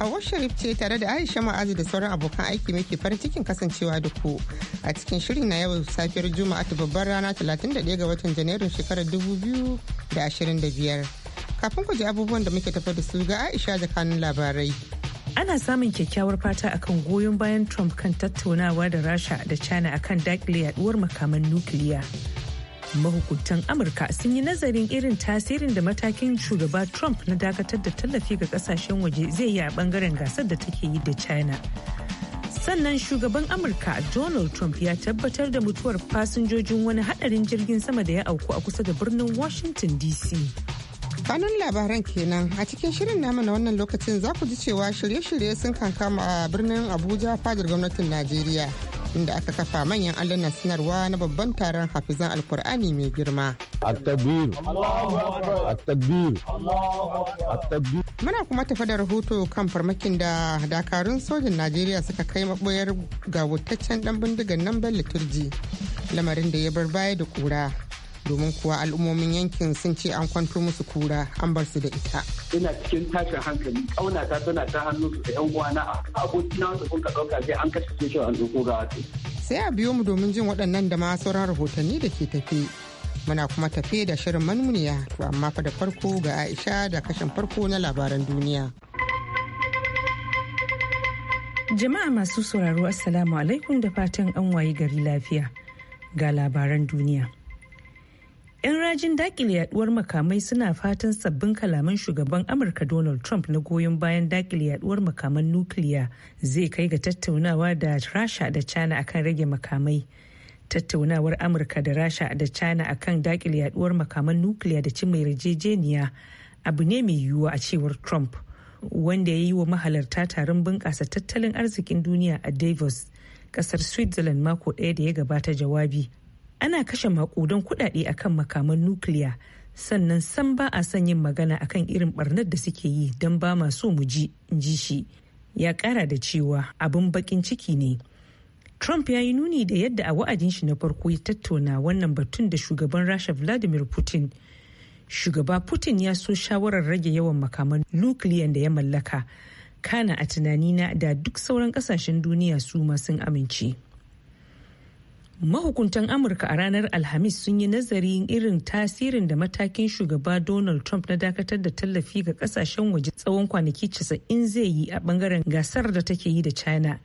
Hawa Sharif ce tare da Aisha Ma'azu da sauran abokan aiki muke farin cikin kasancewa da ku a cikin shirin na yau safiyar Juma'a ta babbar rana 31 ga watan Janairun shekarar 2025. Kafin ku ji abubuwan da muke tafa da su ga Aisha da kanun labarai. Ana samun kyakkyawar fata akan goyon bayan Trump kan tattaunawa da Rasha da China akan dakile yaduwar makaman nukiliya. mahukuntan amurka sun yi nazarin irin tasirin da matakin shugaba trump na dakatar da tallafi ga kasashen waje zai yi a bangaren gasar da take yi da china sannan shugaban amurka donald trump ya tabbatar da mutuwar fasinjojin wani hadarin jirgin sama da ya auku a kusa da birnin washington dc kanun labaran kenan a cikin shirin namu na wannan lokacin za ku ji cewa shirye-shirye sun kankama a birnin abuja fadar gwamnatin najeriya inda aka kafa manyan allonan sanarwa na babban taron hafizan alkur'ani mai girma. Muna kuma tafi da rahoto kan farmakin da dakarun sojin Najeriya suka kai maɓoyar gawutaccen ɗan bindigan nan ban liturji lamarin da ya bar baya da kura. domin kuwa al'ummomin yankin sun ce an kwanto musu kura an bar su da ita. Ina cikin tashin hankali kauna ta tana ta hannu da yan uwana a abokina wanda kun ka sai an kashe shi an ɗauko ga Sai a biyo mu domin jin waɗannan da ma sauran rahotanni da ke tafe Muna kuma tafe da shirin manuniya to amma fa da farko ga Aisha da kashin farko na labaran duniya. Jama'a masu sauraro Assalamu alaikum da fatan an wayi gari lafiya ga labaran duniya. 'Yan rajin dakile yaduwar makamai suna fatan sabbin kalaman shugaban Amurka Donald Trump na goyon bayan dakile yaduwar makaman nukiliya zai kai ga tattaunawa da Rasha da China akan rage makamai. Tattaunawar Amurka da Rasha da China akan dakile yaduwar makaman nukiliya da cimma yarjejeniya abu ne mai yiwuwa a cewar Trump, wanda ya yi wa mahalarta taron bunƙasa tattalin arzikin duniya a Davos, ƙasar Switzerland mako ɗaya da ya gabata jawabi. ana kashe makudan kudade akan makaman nukiliya sannan san ba a son yin magana akan irin barnar da suke yi don ba ma so mu ji ji shi ya kara da cewa abin bakin ciki ne trump ya yi nuni da yadda a wa'adin shi na farko ya tattauna wannan batun da shugaban rasha vladimir putin shugaba putin ya so shawarar rage yawan makaman nukiliyan da ya mallaka kana a tunanina da duk sauran kasashen duniya su ma sun amince Mahukuntan Amurka a ranar Alhamis sun yi nazarin irin tasirin da matakin shugaba Donald Trump na dakatar da tallafi ga kasashen waje tsawon kwanaki casa'in zai yi a bangaren gasar da take yi da China.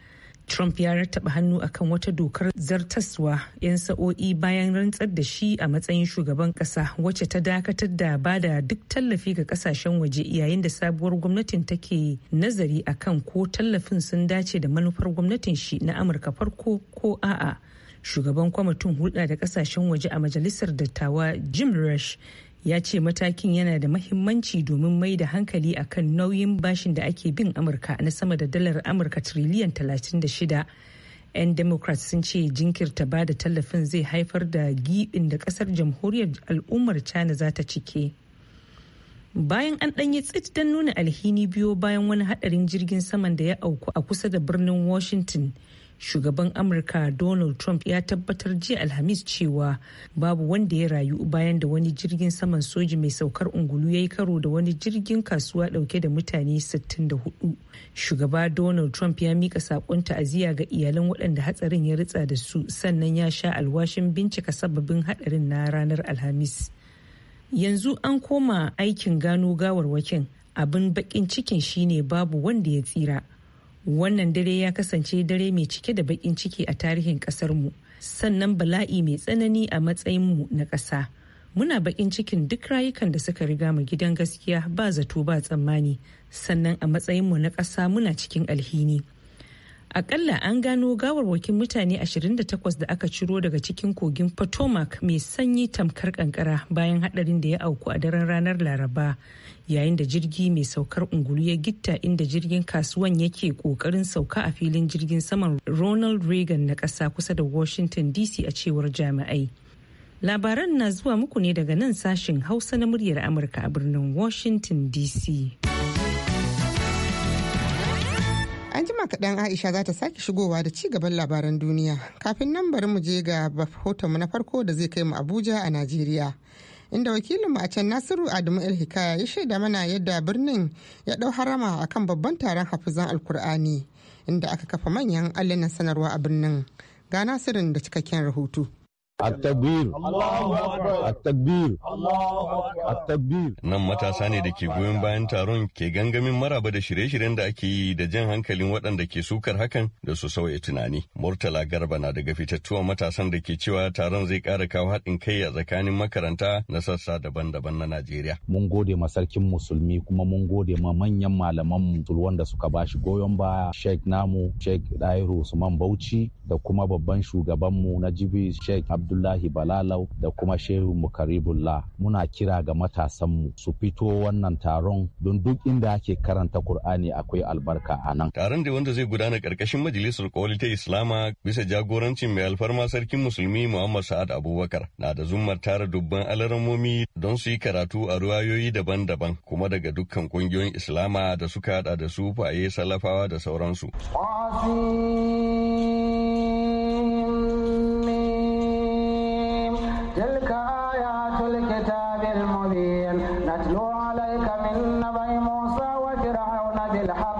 Trump ya rattaba hannu akan wata dokar zartaswa 'yan sa'o'i bayan rantsar da shi a matsayin shugaban kasa wacce ta dakatar da bada duk tallafi ga kasashen waje yayin da sabuwar gwamnatin take nazari akan ko tallafin sun dace da manufar gwamnatin shi na Amurka farko ko a'a. shugaban kwamitin hulɗa da kasashen waje a majalisar dattawa jim rush ya ce matakin yana da mahimmanci domin mai da hankali a kan nauyin bashin da ake bin amurka na sama da dalar amurka triliyan 36 'yan democrat sun ce jinkirta ba da tallafin zai haifar da gibin da ƙasar jamhuriyar al'ummar china za ta cike bayan an ɗanyi tsit don nuna alhini biyo bayan wani hadarin jirgin saman da ya auku a kusa da birnin washington shugaban amurka donald trump ya tabbatar jiya alhamis cewa babu wanda ya rayu bayan da wani jirgin saman soji mai saukar ungulu ya yi karo da wani jirgin kasuwa dauke da mutane 64 shugaba donald trump ya mika sakon ta'aziyya ga iyalan waɗanda hatsarin ya ritsa da su sannan ya sha alwashin bincika sababbin hadarin na ranar alhamis yanzu an koma aikin gano gawarwakin abin bakin cikin shine babu wanda ya tsira wannan dare ya kasance dare mai cike da baƙin ciki a tarihin ƙasarmu sannan bala'i mai tsanani a matsayinmu na ƙasa muna baƙin cikin duk rayukan da suka riga mu gidan gaskiya ba zato ba tsammani sannan a matsayinmu na ƙasa muna cikin alhini akalla an gano gawarwakin mutane 28 da aka ciro daga cikin kogin potomac mai sanyi tamkar kankara bayan hadarin da ya auku a daren ranar laraba yayin da jirgi mai saukar ungulu ya gitta inda jirgin kasuwan yake kokarin sauka a filin jirgin saman ronald reagan na kasa kusa da washington dc a cewar jami'ai labaran na zuwa muku ne daga nan sashin hausa na muryar amurka a birnin washington dc jima kaɗan Aisha za ta sake shigowa da ci gaban labaran duniya. Kafin nan bari mu je ga mu na farko da zai kai mu Abuja a Najeriya. Inda wakilinmu a can Nasiru Adamu El Hikaya ya shaida mana yadda birnin ya ɗau harama akan babban taron hafizan Alkur'ani inda aka kafa manyan allinan sanarwa a birnin. Ga Nasirin da cikakken rahoto. التكبير التكبير التكبير nan matasa ne da ke goyon bayan taron ke gangamin maraba da shirye-shiryen da ake yi da jan hankalin waɗanda ke sukar hakan da su sauya tunani murtala garba na daga fitattuwan matasan da ke cewa taron zai ƙara kawo haɗin kai a tsakanin makaranta na sassa daban-daban na najeriya mun gode ma sarkin musulmi kuma mun gode ma manyan malaman musulwan da suka bashi goyon baya sheikh namu sheikh dairo usman bauchi da kuma babban shugabanmu na jibi sheikh abdullahi balalau da kuma shehu mukaribullah muna kira ga matasanmu su fito wannan taron don duk inda ake karanta kur'ani akwai albarka a nan taron da wanda zai gudana karkashin majalisar koli ta islama bisa jagorancin mai alfarma sarkin musulmi muhammad sa'ad abubakar na da zummar tara dubban alaramomi don su yi karatu a ruwayoyi daban-daban kuma daga dukkan ƙungiyoyin islama da suka hada da su faye salafawa da sauransu. تلك آيات الكتاب المبين نتلو عليك من نبأ موسى وفرعون بالحق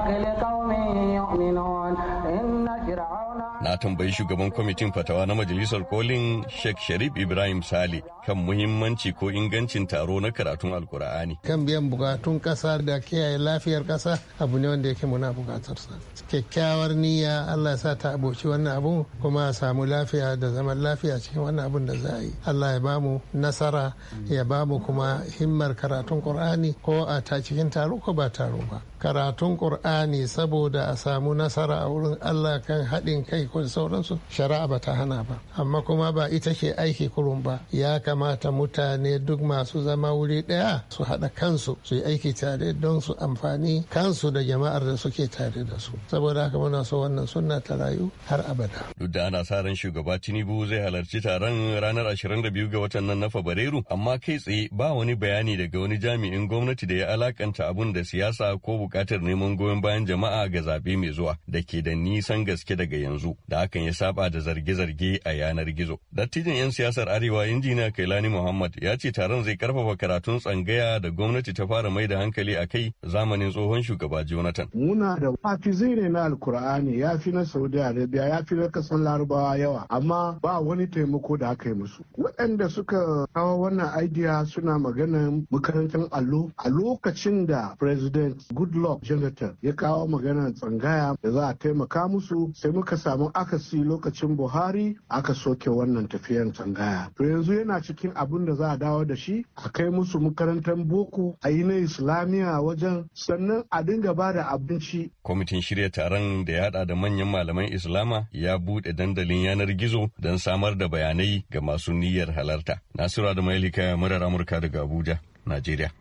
Na tambayi shugaban kwamitin fatawa na majalisar kolin Sheikh Sharif Ibrahim Sale kan muhimmanci ko ingancin taro na karatun Alkur'ani. Kan biyan bukatun kasa da kiyaye lafiyar kasa abu ne wanda yake muna bukatarsa. Kyakkyawar niyya Allah ya sa ta aboci wannan abu kuma a samu lafiya da zaman lafiya cikin wannan abun da za a yi. Allah ya bamu nasara ya bamu kuma himmar karatun Qur'ani ko a ta cikin taro ko ba taro ba. Karatun Qur'ani ne saboda a samu nasara a wurin Allah kan haɗin kai ko sauransu shari'a ba ta hana ba amma kuma ba ita ke aiki kurun ba ya kamata mutane duk masu zama wuri ɗaya su haɗa kansu su yi aiki tare don su amfani kansu da jama'ar da suke tare da su saboda haka muna so wannan sunna ta rayu har abada duk da ana sa ran shugaba tinubu zai halarci taron ranar 22 ga watan nan na fabrairu amma kai tsaye ba wani bayani daga wani jami'in gwamnati da ya alakanta abun da siyasa ko bukatar neman goyon bayan jama'a ga zaɓe mai zuwa da ke da nisan gaske daga yanzu da hakan ya saba da zarge-zarge a yanar gizo. Dattijan 'yan siyasar Arewa injiniya Kailani Muhammad ya ce taron zai karfafa karatun tsangaya da gwamnati ta fara mai da hankali a kai zamanin tsohon shugaba Jonathan. Muna da zai ne na Alkur'ani ya fi na Saudi Arabia ya fi na kasan Larabawa yawa amma ba wani taimako da aka yi musu. Waɗanda suka kawo wannan idea suna maganar makarantar allo a lokacin da President Goodluck Jonathan ya kawo magana tsangaya da za a taimaka musu sai muka samu akasi lokacin buhari aka soke wannan tafiyan tsangaya to yanzu yana cikin abin da za a dawo da shi a kai musu makarantar boko a yi na islamiyya wajen sannan a dinga ba da abinci kwamitin shirya taron da ya hada da manyan malaman islama ya bude dandalin yanar gizo don samar da bayanai ga masu niyyar halarta nasiru da mailika murar amurka daga abuja najeriya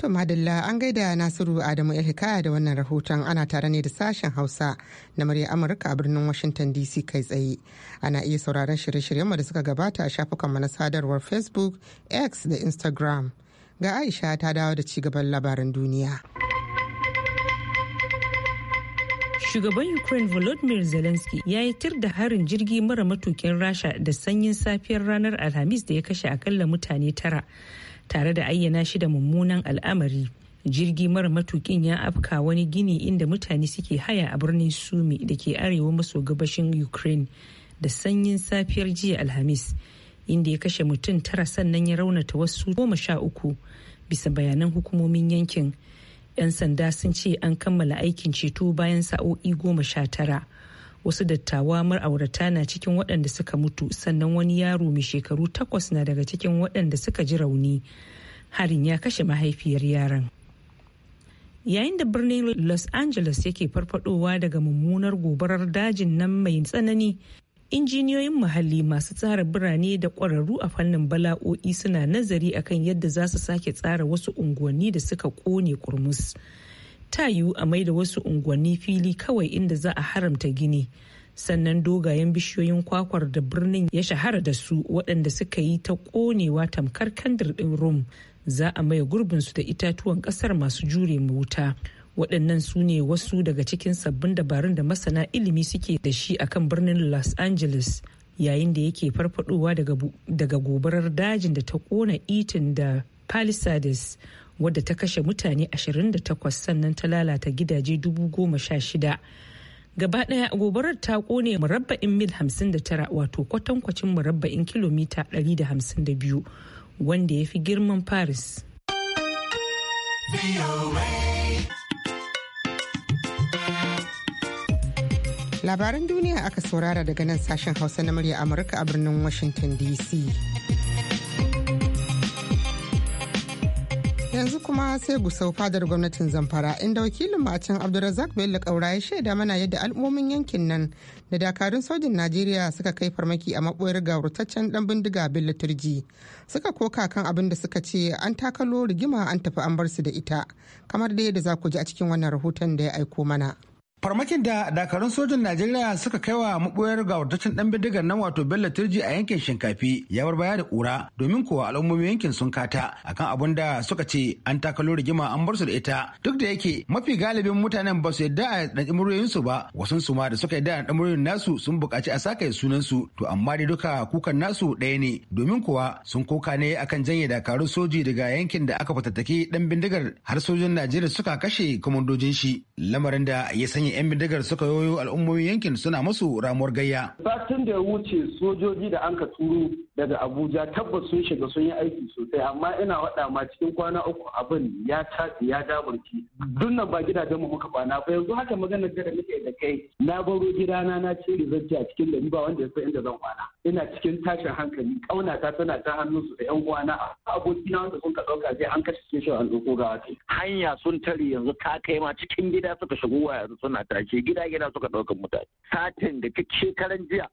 To Madalla an gaida Nasiru Adamu ya Hikaya da wannan rahoton ana tare ne da sashen Hausa na murya Amurka a birnin Washington DC kai tsaye. Ana iya sauraron shirye-shiryenmu da suka gabata a shafukanmu na sadarwar Facebook, X da Instagram. Ga Aisha ta dawo da cigaban labaran duniya. Shugaban Ukraine Volodymyr Zelensky ya yi tir da harin jirgi mara matukin Rasha da sanyin safiyar ranar Alhamis da ya kashe akalla mutane tara. tare da ayyana shi da mummunan al'amari jirgi mara matukin ya afka wani gini inda mutane suke haya a birnin sumi da ke arewa maso gabashin ukraine da sanyin safiyar jiya alhamis inda ya kashe mutum tara sannan ya raunata wasu goma sha uku bisa bayanan hukumomin yankin 'yan sanda sun ce an kammala aikin ceto bayan sa'o'i goma sha tara wasu dattawa ma'aurata na cikin waɗanda suka mutu sannan wani yaro mai shekaru takwas na daga cikin waɗanda suka ji rauni harin ya kashe mahaifiyar yaran yayin da birnin los angeles yake farfadowa daga mummunar gobarar dajin nan mai tsanani injiniyoyin muhalli masu tsara birane da ƙwararru a fannin bala'o'i suna nazari akan yadda za su sake tsara wasu unguwanni da suka ƙone kurmus. ta yiwu a da wasu unguwanni fili kawai inda za a haramta gini sannan dogayen bishiyoyin kwakwar da birnin ya shahara da su waɗanda suka yi ta ƙonewa tamkar kandar ɗin rum za a maye gurbinsu da itatuwan ƙasar masu jure wuta waɗannan su ne wasu daga cikin sabbin dabarun da masana ilimi suke da shi akan birnin los angeles yayin da yake farfadowa daga gobarar dajin da ta ƙona itin da palisades wadda ta kashe mutane 28 sannan ta lalata gidaje 16,000 gaba daya gobarar ta kone murabba'in mil 59 wato kwatankwacin murabba'in kilomita 152 wanda ya fi girman paris labaran duniya aka saurara daga nan sashen hausa na murya amurka a birnin washington dc yanzu kuma sai gusau fadar gwamnatin zamfara inda wakilin macin abdulrazak bello kaura ya shaida mana yadda al'ummomin yankin nan da dakarun sojin najeriya suka kai farmaki a maɓoyar gawurtaccen dan bindiga bello turji suka koka kan abin da suka ce an takalo rigima an tafi an bar su da ita kamar da yadda za ku ji a cikin wannan rahoton da ya aiko mana farmakin da dakarun sojin najeriya suka kai wa maboyar gawartaccen dan bindigar nan wato bello turji a yankin shinkafi ya bar baya da kura domin kowa al'ummomin yankin sun kata akan abun da suka ce an takalo rigima an bar su da ita duk da yake mafi galibin mutanen ba su yadda a ɗanɗi muryoyinsu ba wasu su ma da suka yadda a ɗanɗi nasu sun buƙaci a saka sunan su to amma dai duka kukan nasu ɗaya ne domin kuwa sun koka ne akan janye dakarun soji daga yankin da aka fatattaki dan bindigar har sojin najeriya suka kashe kwamandojin shi lamarin da ya sanya ne 'yan bindigar suka yoyo al'ummomin yankin suna masu ramuwar gayya. Satin da ya wuce sojoji da an ka turo daga Abuja tabbas sun shiga sun yi aiki sosai amma ina waɗa ma cikin kwana uku abin ya tafi ya daburci. Dunnan ba gidajen mu muka kwana ba yanzu haka magana da muke da kai na baro gidana na ce rizanci a cikin gari ba wanda ya san inda zan kwana. Ina cikin tashin hankali kauna ta tana ta hannunsu da 'yan kwana a abokina wanda sun ka ɗauka sai an kashe shi an ɗauko gawa Hanya sun tare yanzu ta kai ma cikin gida suka shigo yanzu suna matashe gida gida suka ɗaukan mutane satin da ta shekaran jiya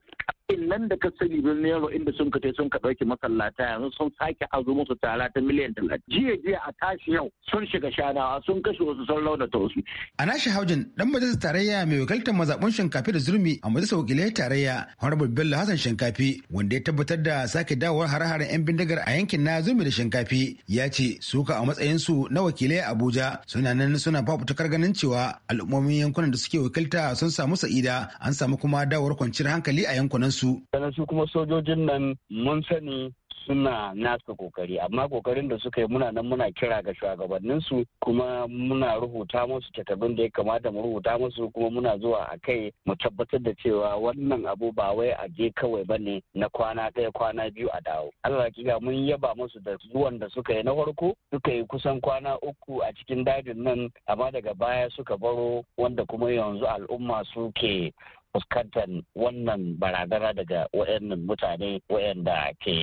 nan da ka sani birnin yaro inda sun ka sun ka ɗauki masallata yanzu sun sake azo musu tara miliyan talatin jiya jiya a tashi yau sun shiga shanawa sun kashe wasu sun ta wasu. a nashi haujin dan majalisar tarayya mai wakiltar mazaɓun shinkafi da zurmi a majalisar wakilai tarayya honorable bello hassan shinkafi wanda ya tabbatar da sake dawowar hare-haren yan bindigar a yankin na zurmi da shinkafi ya ce suka a matsayin su na wakilai abuja suna nan suna fafutukar ganin cewa al'ummomin yankunan da suke wakilta sun samu sa'ida an samu kuma dawowar kwanciyar hankali a yankunan su. Sannan su kuma sojojin nan mun sani suna nasa kokari amma kokarin da suka yi muna nan muna kira ga shugabanninsu kuma muna rubuta musu takardun da ya kamata mu rubuta musu kuma muna zuwa a kai mu tabbatar da cewa wannan abu ba wai a je kawai ba ne na kwana ɗaya kwana biyu a dawo allah hakika mun yaba musu da zuwan da suka yi na farko suka yi kusan kwana uku a cikin dajin nan amma daga baya suka baro wanda kuma yanzu al'umma suke fuskantar wannan barazana daga wayannan mutane wayanda ke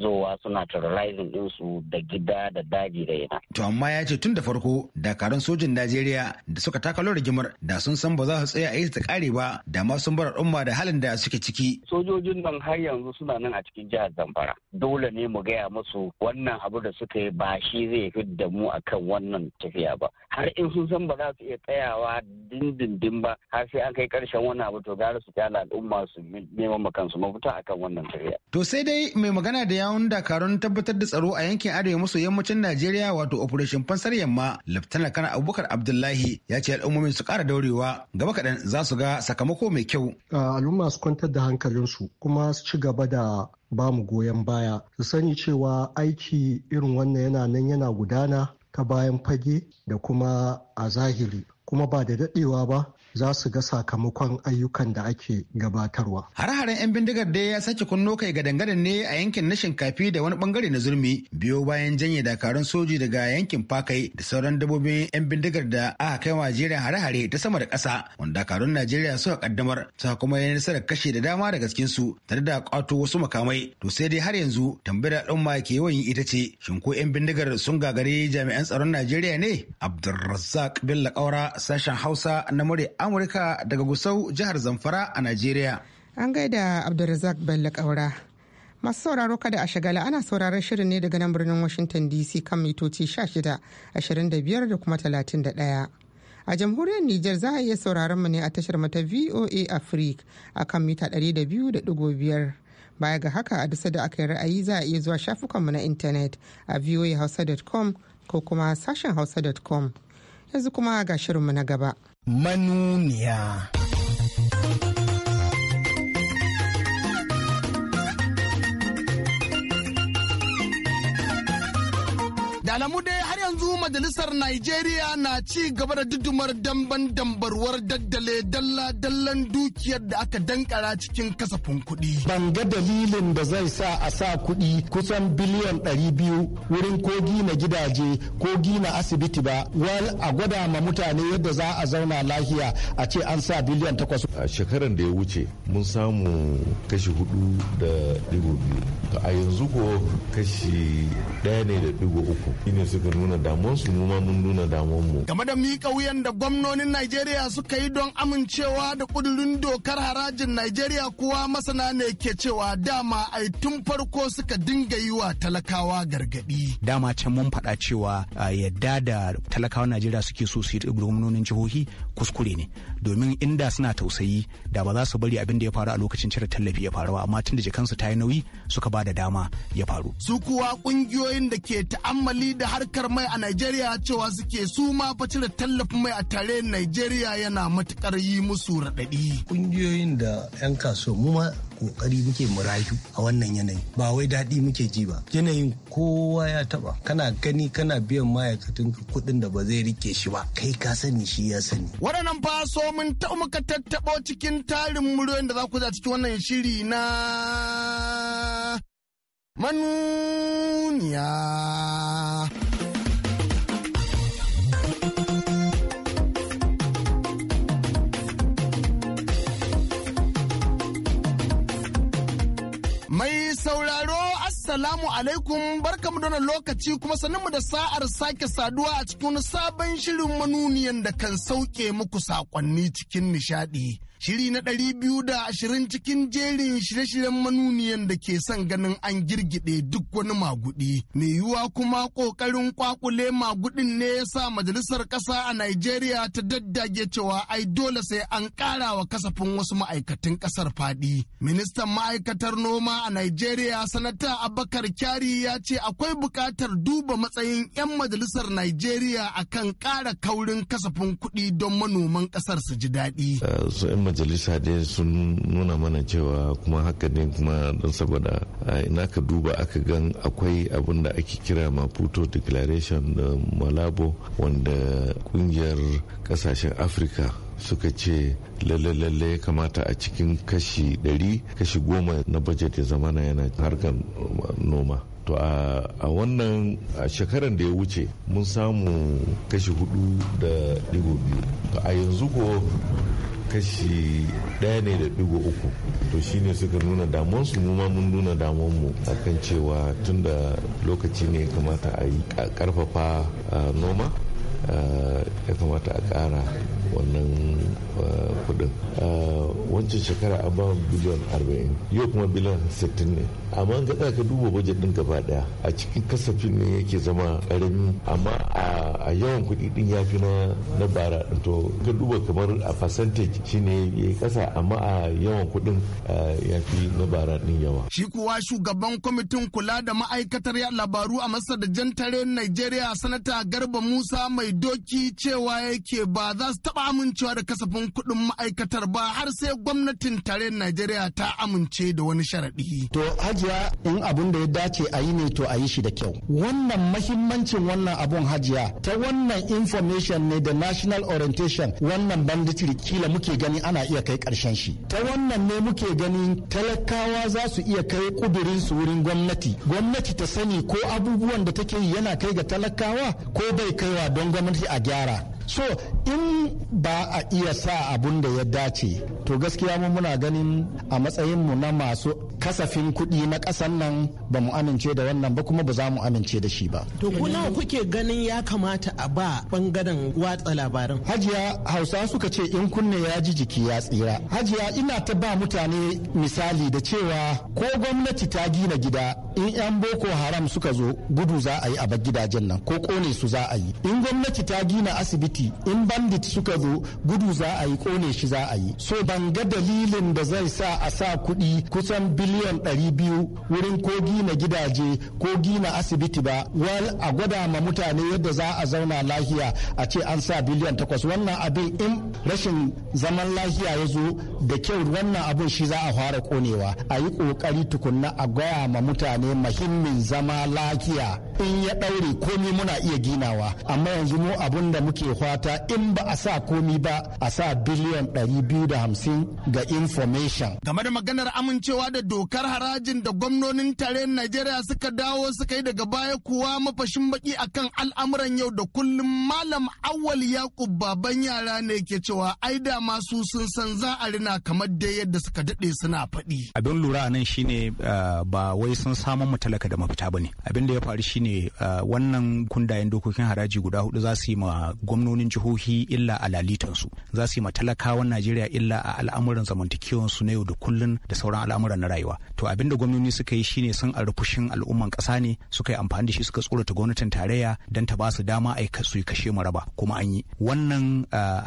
zowa suna terrorizing dinsu da gida da daji da yana. To amma ya ce tun da farko dakarun sojin Najeriya da suka takalo rigimar da sun san ba za su tsaya a yi ta kare ba da ma sun bar al'umma da halin da suke ciki. Sojojin nan har yanzu suna nan a cikin jihar Zamfara. Dole ne mu gaya musu wannan abu da suka yi ba shi zai fidda mu akan wannan tafiya ba. Har in sun san ba za su iya tsayawa dindindin ba har sai an kai karshen wannan daina ba to gara su kyala al'umma su neman makansu mafita akan wannan tarayya. To sai dai mai magana da yawun dakarun tabbatar da tsaro a yankin arewa maso yammacin Najeriya wato operation fansar yamma Laftana Kana Abubakar Abdullahi ya ce al'ummomin su kara daurewa gaba kaɗan za su ga sakamako mai kyau. Al'umma su kwantar da hankalinsu kuma su ci gaba da ba mu goyon baya su sani cewa aiki irin wannan yana nan yana gudana ta bayan fage da kuma a zahiri kuma ba da daɗewa ba za su ga sakamakon ayyukan da ake gabatarwa. Har-haren 'yan bindigar dai ya sake kunno kai ga dangane ne a yankin na shinkafi da wani bangare na zurmi biyo bayan janye dakarun soji daga yankin fakai da sauran dabobin 'yan bindigar da aka kai wa Najeriya hare-hare ta sama da ƙasa wanda dakarun Najeriya suka kaddamar ta kuma yi nasarar kashe da dama daga cikin su tare da kwato wasu makamai to sai dai har yanzu tambayar al'umma ke yawan ita ce shin ko 'yan bindigar sun gagari jami'an tsaron Najeriya ne? Abdulrazzaq Bello Kaura sashen Hausa na murya Amurka daga Gusau jihar Zamfara a Najeriya. An gaida Abdulrazak Bello Kaura. Masu sauraro kada a shagala ana sauraron shirin ne daga nan birnin Washington DC kan mitoci 16, ashirin da kuma 31. a jamhuriyar Nijar za a iya sauraron mu ne a tashar mata VOA Africa a kan mita 200.5 baya ga haka a dusa da aka yi ra'ayi za a iya zuwa shafukanmu na intanet a voahausa.com ko kuma sashen hausa.com yanzu kuma ga shirinmu na gaba. manuniya. Da alamu dai yanzu majalisar Najeriya na ci gaba da dudumar damban dambarwar daddale dalla-dallan dukiyar da aka dankara cikin kasafin kuɗi. Ban ga dalilin da zai sa a sa kuɗi kusan biliyan ɗari biyu wurin ko gina gidaje ko gina asibiti ba wal a gwada ma mutane yadda za a zauna lahiya a ce an sa biliyan takwas. A shekaran da ya wuce mun samu kashi hudu da digo biyu. A yanzu ko kashi ɗaya ne da digo uku. nuna su mu ma mun nuna mu Game da miƙa wuyan da gwamnonin Najeriya suka yi don amincewa da kudurin dokar harajin Najeriya kuwa masana ne ke cewa dama ai tun farko suka dinga yi wa talakawa gargadi. Dama can mun faɗa cewa yadda da talakawan Najeriya suke so su yi gwamnonin jihohi kuskure ne. domin inda suna tausayi da ba za su bari abin da ya faru a lokacin cire tallafi ya faru amma tun da jikansu ta yi nauyi suka ba da dama ya faru. su kuwa kungiyoyin da ke ta'ammali da harkar mai a Najeriya cewa suke su ma fa cire tallafin mai a tare Najeriya yana matukar yi musu raɗaɗi. kungiyoyin da 'yan kasuwa mu ma kokari muke mu rayu a wannan yanayi ba wai daɗi muke ji ba yanayin kowa ya taba kana gani kana biyan ma'aikatan kuɗin da ba zai rike shi ba kai ka sani shi ya sani waɗannan fa so mun taɓa muka tattaɓo cikin tarin muryoyin da za ku za cikin wannan shiri na manuniya Assalamu alaikum barka mu wannan lokaci kuma sanin mu da sa'ar sake saduwa a cikin sabon shirin manuniyan da kan sauke muku sakonni cikin nishadi. shiri na ɗari biyu da ashirin cikin jerin shirye-shiryen manuniyan da ke son ganin an girgide duk wani magudi. Mai yiwuwa kuma ƙoƙarin kwakule magudin ne ya sa majalisar ƙasa a Najeriya ta daddage cewa ai dole sai an ƙara wa kasafin wasu ma'aikatan ƙasar faɗi. Ministan ma'aikatar noma a Najeriya sanata Abakar Kyari ya ce akwai buƙatar duba matsayin 'yan majalisar Najeriya akan ƙara kaurin kasafin kuɗi don manoman ƙasar su ji daɗi. majalisa dai sun nuna mana cewa kuma haka ne kuma don saboda ina ka duba aka gan akwai abin da ake kira maputo declaration da malabo wanda kungiyar kasashen afirka suka ce lalle-lalle ya kamata a cikin kashi 100 kashi 10 na bajet ya zamana yana harkar noma to a wannan shekaran da ya wuce mun samu kashi hudu da digo biyu to a yanzu ko kashi ɗaya ne da digo uku to shine suka nuna damuwarsu mu ma mun nuna mu akan cewa tunda da lokaci ne kamata a yi karfafa ah, noma Eh, ya kamata a kara wannan eh, kudin eh, wancan shekara an ba biliyan 40 yau kuma biliyan 60 ne amma ga ka duba bajet din gaba daya a cikin kasafin ne yake zama karami amma a yawan kuɗi din ya fi na bara to ka duba kamar a percentage shine ya kasa amma a yawan kuɗin ya fi na bara din yawa shi kuwa shugaban kwamitin kula da ma'aikatar labaru a masar da jantare Najeriya sanata Garba Musa mai doki cewa yake ba za su taɓa amincewa da kasafin kuɗin ma'aikatar ba har sai gwamnatin tare Najeriya ta amince da wani sharaɗi. To hajiya in abin da ya dace a yi ne to a yi shi da kyau. Wannan mahimmancin wannan abun hajiya ta wannan information ne da national orientation wannan banditiri kila muke gani ana iya kai karshen shi. Ta wannan ne muke ganin talakawa za su iya kai kudurin su wurin gwamnati. Gwamnati ta sani ko abubuwan da take yi yana kai ga talakawa ko bai kaiwa don gwamnati. gwamnati a gyara so in ba a iya sa abun da ya dace to gaskiya mu muna ganin a matsayin mu na masu kasafin kuɗi na kasan nan ba mu amince da wannan ba kuma ba za mu amince da shi ba. To kuna kuke ganin ya kamata a ba bangaren watsa labaran. Hajiya Hausa suka ce in kunne ya ji jiki ya tsira. Hajiya ina ta ba mutane misali da cewa ko gwamnati ta gina gida in 'yan boko haram suka zo gudu za a yi a gidajen nan ko kone su za a yi in gwamnati ta gina asibiti in bandit suka zo gudu za a yi kone shi za a yi so ban ga dalilin da zai sa a sa kuɗi kusan biliyan biyu wurin ko gina gidaje ko gina asibiti ba wal a gwada ma mutane yadda za a zauna lahiya a ce an sa biliyan takwas wannan abin in rashin zaman lahiya ya zo da kyau wannan abin shi za a fara konewa a yi ƙoƙari tukunna a gwaya ma mutane ne mahimmin zama lafiya in ya ɗaure komi muna iya ginawa amma yanzu mu abun da muke fata in ba a sa komi ba a sa biliyan biyu da hamsin ga information game da maganar amincewa da dokar harajin da gwamnonin tare Najeriya suka dawo suka yi daga baya kuwa mafashin baki akan al'amuran yau da kullum malam awwal yakub baban yara ne ke cewa ai da masu sun san za a rina kamar dai yadda suka daɗe suna faɗi abin lura nan shine eh, ba wai sun sa samun mu talaka da mafita bane abin da ya faru shine wannan kundayen dokokin haraji guda hudu za su yi ma gwamnonin jihohi illa a lalitan su za su yi ma talakawan Najeriya illa a al'amuran zamantakewan su na yau da kullun da sauran al'amuran na rayuwa to abin da gwamnoni suka yi shine sun a al'umman kasa ne suka yi amfani da shi suka tsorata gwamnatin tarayya don ta ba su dama a su yi kashe mu raba kuma an yi wannan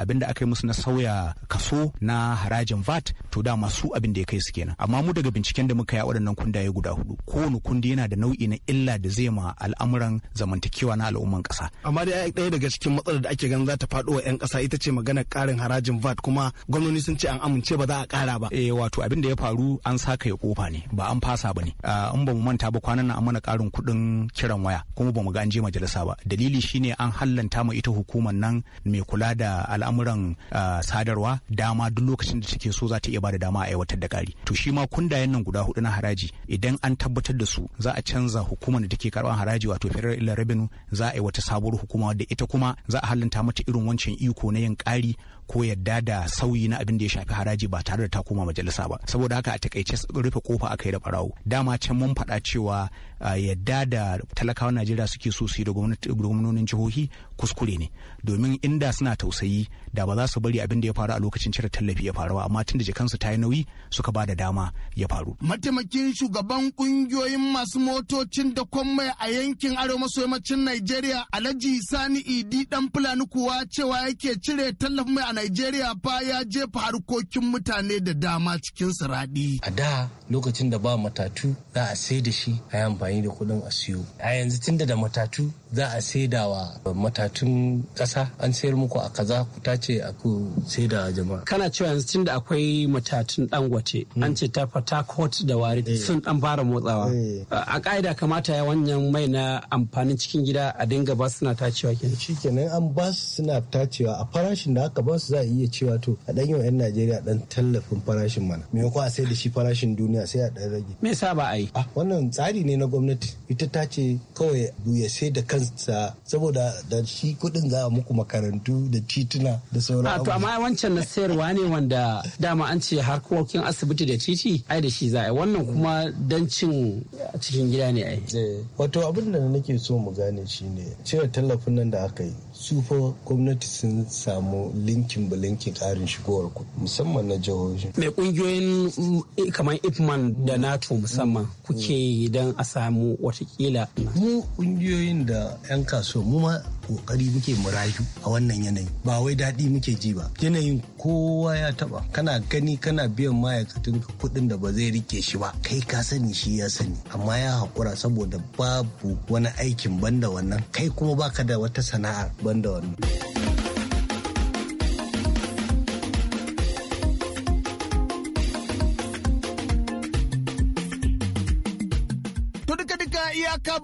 abin da aka yi musu na sauya kaso na harajin VAT to dama su abin da ya kai su kenan amma mu daga binciken da muka yi a waɗannan kundaye guda hudu kowane wani kundi yana da nau'i na illa da zai ma al'amuran zamantakewa na al'umman kasa. amma dai ɗaya daga cikin matsalar da ake ganin za ta faɗo wa 'yan ƙasa ita ce magana ƙarin harajin vat kuma gwamnoni sun ce an amince ba za a ƙara ba. eh wato abin da ya faru an saka ya kofa ne ba an fasa ba ne an ah, ba mu manta ba kwanan nan an mana ƙarin kuɗin kiran waya kuma ba mu ga an je majalisa ba dalili shine an halanta ma ita hukumar nan mai kula da al'amuran ah, sadarwa dama duk lokacin da take so za ta iya ba da dama a aiwatar da ƙari to shi ma kundayen nan guda hudu na haraji idan an tabbatar da da su za a canza hukumar da take karban haraji wato federal illa revenue za a yi wata sabuwar hukuma da ita kuma za a halanta mata irin wancan iko na yin ƙari ko yadda da sauyi na abin da ya shafi haraji ba tare da ta koma majalisa ba saboda haka a takaice rufe kofa akai da barawo dama can mun faɗa cewa yadda da talakawan najeriya suke so su yi da gwamnonin jihohi kuskure ne domin inda suna tausayi da ba za su bari abin da ya faru a lokacin cire tallafi ya faru amma tun da jikansu ta yi nauyi suka ba da dama ya faru mataimakin shugaban kungiyoyin masu motocin da kwamai a yankin arewa maso yammacin najeriya alhaji sani idi dan fulani kuwa cewa yake cire tallafin mai Najeriya fa ya jefa harkokin mutane da dama cikin siraɗi. A da lokacin da ba matatu za a sai da shi a yi amfani da kuɗin a siyo. A yanzu tun da matatu za a sai da wa matatun ƙasa an sayar muku a kaza ku tace a ku da jama'a. Kana cewa yanzu tun da akwai matatun Dangote hmm. an ce ta fata kot da Wari eh. sun dan fara motsawa. Eh. A ƙa'ida kamata ya wannan mai na amfanin cikin gida a dinga ba suna tacewa kenan. Shi kenan an ba su suna tacewa a farashin da aka ba su za a iya cewa to a ɗan yi wa 'yan Najeriya ɗan tallafin farashin mana. kuwa a sai da shi farashin duniya sai a ɗan rage. Me yasa ba a yi? wannan tsari ne na gwamnati. Ita ta ce kawai ya sai da kansa saboda da shi kuɗin za a muku makarantu da tituna da sauran abu. amma wancan na sayarwa ne wanda dama an ce harkokin asibiti da titi ai da shi za a wannan kuma dan cin cikin gida ne ai. Eh, wato abin da nake so mu gane shine cewa tallafin nan da aka yi su fa gwamnati sun samu linki lokacin bilinki karin shigowar ku musamman na jihohi. Mai kungiyoyin mm, kamar IFMAN da NATO musamman mm. kuke idan a samu watakila. Mu kungiyoyin da 'yan kasuwa mu ma kokari muke mu a wannan yanayi ba wai daɗi muke ji ba yanayin kowa ya taba kana gani kana biyan ma'aikatan kuɗin da ba zai rike shi ba kai ka sani shi ya sani amma ya haƙura saboda babu wani aikin banda wannan kai kuma baka da wata sana'ar banda wannan.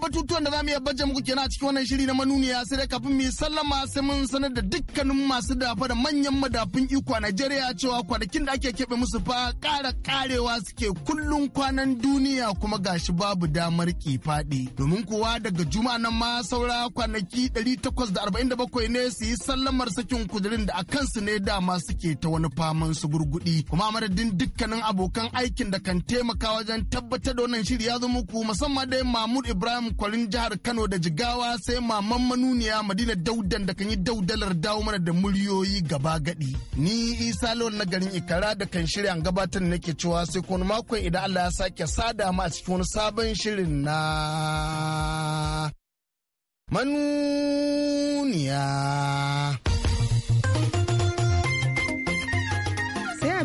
batutuwan da za mu iya baje muku kenan a cikin wannan shiri na manuniya sai dai kafin mu sallama sai mun sanar da dukkanin masu dafa da manyan madafin iko a Najeriya cewa kwanakin da ake keɓe musu fa ƙara ƙarewa suke kullun kwanan duniya kuma gashi babu damar ki faɗi. Domin kuwa daga juma'a nan ma saura kwanaki 847 ne su yi sallamar sakin kudirin da a kansu ne dama suke ta wani faman su gurgudi. Kuma madadin dukkanin abokan aikin da kan taimaka wajen tabbatar da wannan shiri ya zo muku musamman dai Mahmud Ibrahim kwarin jihar Kano da Jigawa sai maman manuniya Madina Daudan da kan yi daudalar dawo mana da muryoyi gaba gadi. Ni Isa Lawal na garin Ikara da kan shirya gabatar nake cewa sai kuma makon idan Allah ya sake sada mu a cikin wani sabon shirin na manuniya.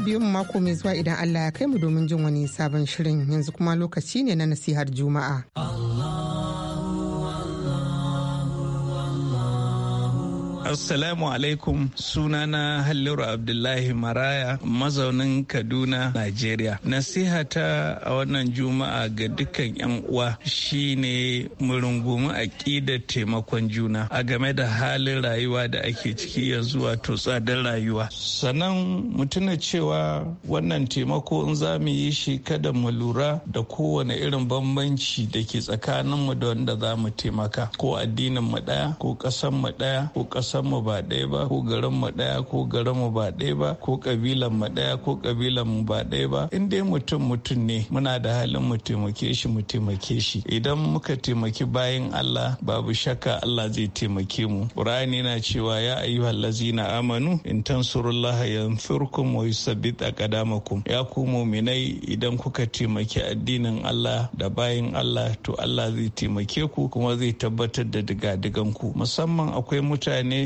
biyu mu mako mai zuwa idan Allah ya kai mu domin jin wani sabon shirin yanzu kuma lokaci ne na nasihar Juma'a. Allah. Assalamu alaikum sunana Halliru Abdullahi Maraya mazaunin Kaduna, Najeriya. Nasihata a wannan juma'a ga dukkan 'yan uwa shine murungumi rungumi ƙida taimakon juna a game da halin rayuwa da ake ciki yanzu wato tsadar rayuwa. Sannan mutuna cewa wannan taimako in za mu yi shi kada mu lura da kowane irin bambanci da ke tsakaninmu da wanda za mu taimaka ko addinin mu ɗaya ko ƙasan mu ɗaya ko ƙasan kasan mu ba ɗaya ba ko garin mu ɗaya ko garin mu ba ɗaya ba ko kabilan mu ɗaya ko kabilan mu ba ɗaya ba in dai mutum mutum ne muna da halin mu taimake shi mu taimake shi idan muka taimaki bayan Allah babu shakka Allah zai taimake mu Qur'ani na cewa ya ayyuhal ladzina amanu in tansurullaha yansurkum wa yusabbit aqdamakum ya ku mu'minai idan kuka taimaki addinin Allah da bayan Allah to Allah zai taimake ku kuma zai tabbatar da diga-digan ku musamman akwai mutane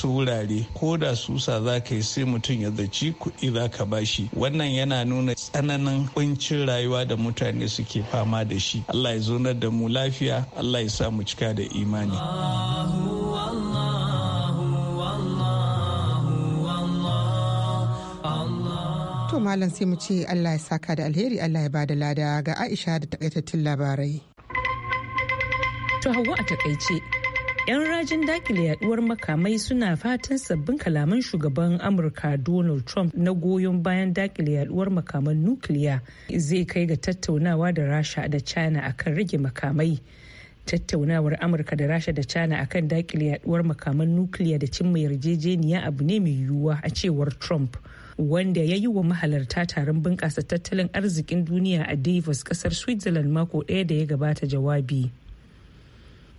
wasu wurare ko da susa za ka yi sai mutum ya zaci kuɗi za ka bashi wannan yana nuna tsananin kuncin rayuwa da mutane suke fama da shi allah ya zonar da mu lafiya allah ya sa mu cika da imani malam sai mu ce allah ya saka da alheri allah ya ba da lada ga aisha da takaitattun labarai to hawa a takaice 'yan rajin dakile yaduwar makamai suna fatan sabbin kalaman shugaban amurka donald trump na goyon bayan dakile yaduwar makaman nukiliya zai kai ga tattaunawa da rasha da china akan rage makamai tattaunawar amurka da rasha da china akan dakile yaduwar makaman nukiliya da cimma yarjejeniya abu ne mai yiwuwa a cewar trump wanda ya yi wa mahalarta taron bunƙasa tattalin arzikin duniya a davis kasar switzerland mako ɗaya da ya gabata jawabi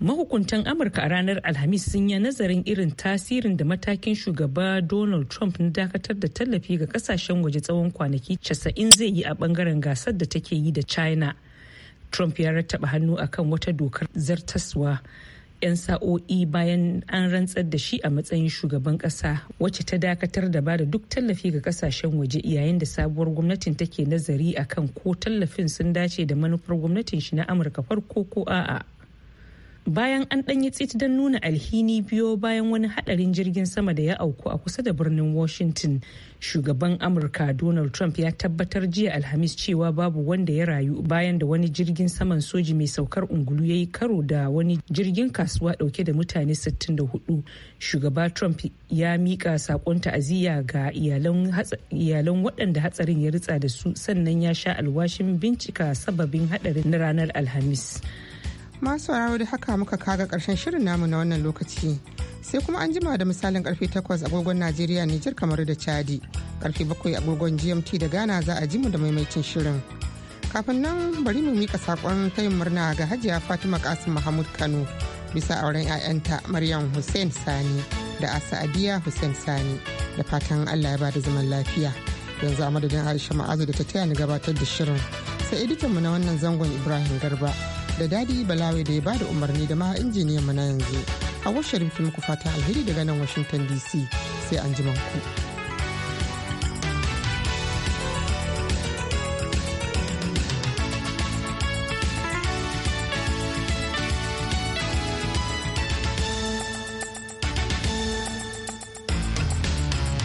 mahukuntan amurka a ranar alhamis sun yi nazarin irin tasirin da matakin shugaba donald trump na dakatar da tallafi ga kasashen waje tsawon kwanaki casa'in zai yi a bangaren gasar da take yi da china trump ya rattaba hannu akan wata dokar zartaswa 'yan sa'o'i bayan an rantsar da shi a matsayin shugaban kasa wacce ta dakatar da bada duk tallafi ga kasashen waje yayin da sabuwar gwamnatin take nazari akan ko tallafin sun dace da manufar gwamnatin shi na amurka farko ko a'a bayan an ɗanyi tsit don nuna alhini biyo bayan wani haɗarin jirgin sama da ya auku a kusa da birnin washington shugaban amurka donald trump ya tabbatar jiya alhamis cewa babu wanda ya rayu bayan da wani jirgin saman soji mai saukar ungulu ya yi karo da wani jirgin kasuwa ɗauke da mutane 64 shugaba trump ya miƙa saƙon ta'aziyya ga iyalan waɗanda hatsarin ya ritsa da su sannan ya sha alwashin bincika sababin haɗarin na ranar alhamis masu sauraro da haka muka kaga karshen shirin namu na wannan lokaci sai kuma an jima da misalin karfe 8 agogon najeriya nijar kamar da chadi karfe 7 agogon gmt da ghana za a ji mu da maimaitin shirin kafin nan bari mu mika sakon tayin murna ga hajiya fatima kasim mahmud kano bisa auren 'ya'yanta maryam hussein sani da asa'adiya hussein sani da fatan allah ya ba da zaman lafiya yanzu a madadin aisha ma'azu da ta taya ni gabatar da shirin sai editanmu na wannan zangon ibrahim garba da dadi balawe da ya bada umarni da ma injiniyan mu na yanzu a washe muku fatan alheri daga nan washington dc sai an ku.